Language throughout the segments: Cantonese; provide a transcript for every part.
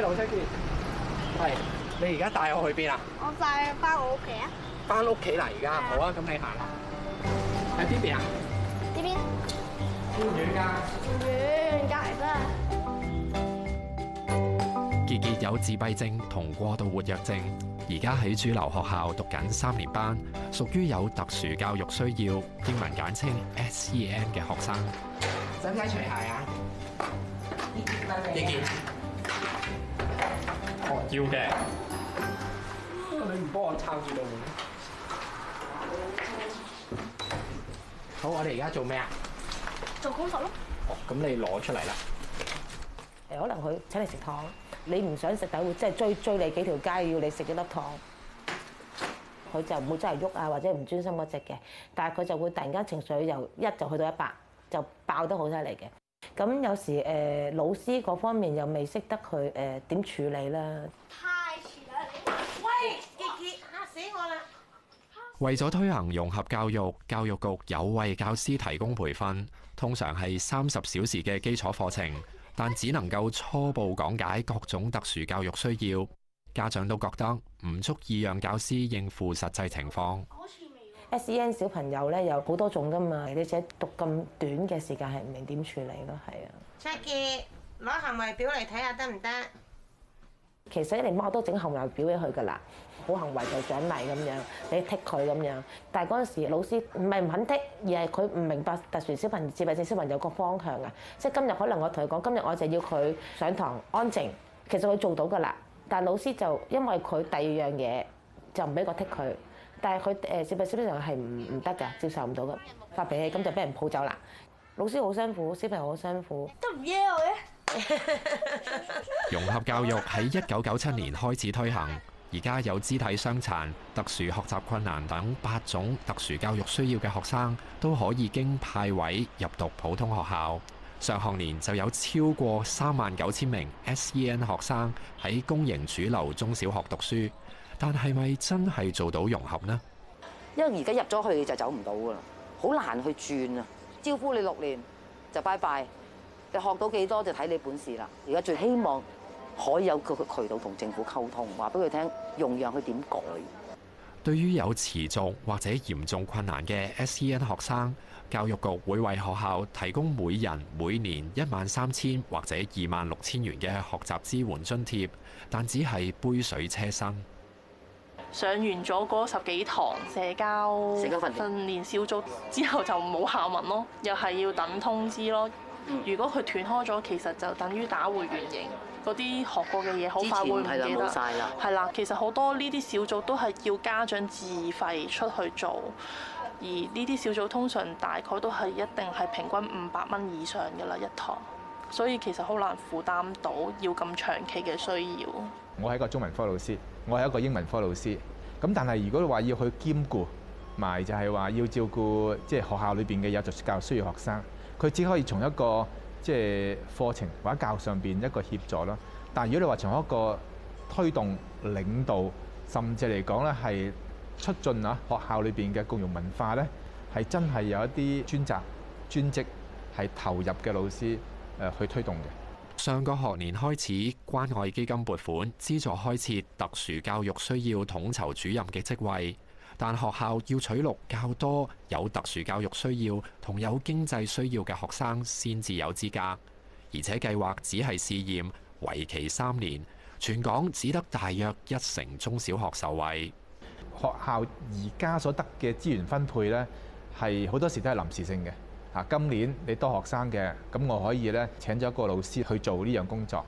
老出係你而家帶我去邊啊？我帶翻我屋企啊！翻屋企啦，而家好啊，咁你行啦。喺邊邊啊？喺邊？好遠噶。遠，隔籬啦。杰杰邊有自閉症同過度活躍症，而家喺主流學校讀緊三年班，屬於有特殊教育需要，英文簡稱 SEN 嘅學生。使唔使除鞋啊？再見結。結結要嘅。你唔幫我撐住道門。好，我哋而家做咩啊？做工作咯。哦，咁你攞出嚟啦。誒，可能佢請你食糖，你唔想食，等會即係追追你幾條街要你食一粒糖，佢就唔會真係喐啊，或者唔專心嗰隻嘅，但係佢就會突然間情緒由一就去到一百，就爆得好犀利嘅。咁有時、呃、老師嗰方面又未識得佢誒點處理啦。太遲啦！喂，傑傑嚇死我啦！為咗推行融合教育，教育局有為教師提供培訓，通常係三十小時嘅基礎課程，但只能夠初步講解各種特殊教育需要。家長都覺得唔足以讓教師應付實際情況。S.E.N 小朋友咧有好多種噶嘛，而且讀咁短嘅時間係唔明點處理咯，係啊。Jackie 攞行為表嚟睇下得唔得？其實一零八我都整行為表俾佢噶啦，好行為就獎勵咁樣，你剔佢咁樣。但係嗰陣時老師唔係唔肯剔，而係佢唔明白特殊小朋友、自閉症小朋友個方向啊。即係今日可能我同佢講，今日我就要佢上堂安靜，其實佢做到噶啦。但係老師就因為佢第二樣嘢就唔俾我剔佢。但係佢誒小朋友係唔唔得㗎，接受唔到㗎，發脾氣咁就俾人抱走啦。老師好辛苦，小朋友好辛苦。都唔惹。融合教育喺一九九七年開始推行，而家有肢體傷殘、特殊學習困難等八種特殊教育需要嘅學生，都可以經派位入讀普通學校。上學年就有超過三萬九千名 SEN 學生喺公營主流中小學讀書。但係咪真係做到融合呢？因為而家入咗去就走唔到噶啦，好難去轉啊！招呼你六年就拜拜，你學到幾多就睇你本事啦。而家最希望可以有個渠道同政府溝通，話俾佢聽，用讓佢點改。對於有持續或者嚴重困難嘅 SEN 學生，教育局會為學校提供每人每年一萬三千或者二萬六千元嘅學習支援津貼，但只係杯水車薪。上完咗嗰十幾堂社交社交訓練小組之後就冇下文咯，又係要等通知咯。嗯、如果佢斷開咗，其實就等於打回原形。嗰啲、嗯、學過嘅嘢好快會唔記得晒。係啦，其實好多呢啲小組都係要家長自費出去做，而呢啲小組通常大概都係一定係平均五百蚊以上嘅啦，一堂，所以其實好難負擔到要咁長期嘅需要。我係一個中文科老師，我係一個英文科老師。咁但係，如果你話要去兼顧埋，就係、是、話要照顧即係學校裏邊嘅有特殊教育需要學生，佢只可以從一個即係課程或者教上邊一個協助咯。但如果你話從一個推動領導，甚至嚟講咧係促進啊學校裏邊嘅共融文化咧，係真係有一啲專責專職係投入嘅老師誒去推動嘅。上個學年開始，關愛基金撥款資助開設特殊教育需要統籌主任嘅職位，但學校要取錄較多有特殊教育需要同有經濟需要嘅學生先至有資格，而且計劃只係試驗，為期三年，全港只得大約一成中小學受惠。學校而家所得嘅資源分配呢，係好多時都係臨時性嘅。啊！今年你多學生嘅，咁我可以咧請咗一個老師去做呢樣工作。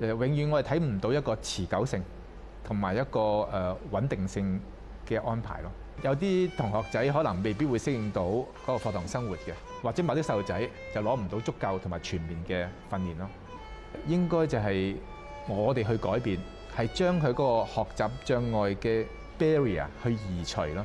誒，永遠我哋睇唔到一個持久性同埋一個誒穩定性嘅安排咯。有啲同學仔可能未必會適應到嗰個課堂生活嘅，或者某啲細路仔就攞唔到足夠同埋全面嘅訓練咯。應該就係我哋去改變，係將佢嗰個學習障礙嘅 barrier 去移除咯。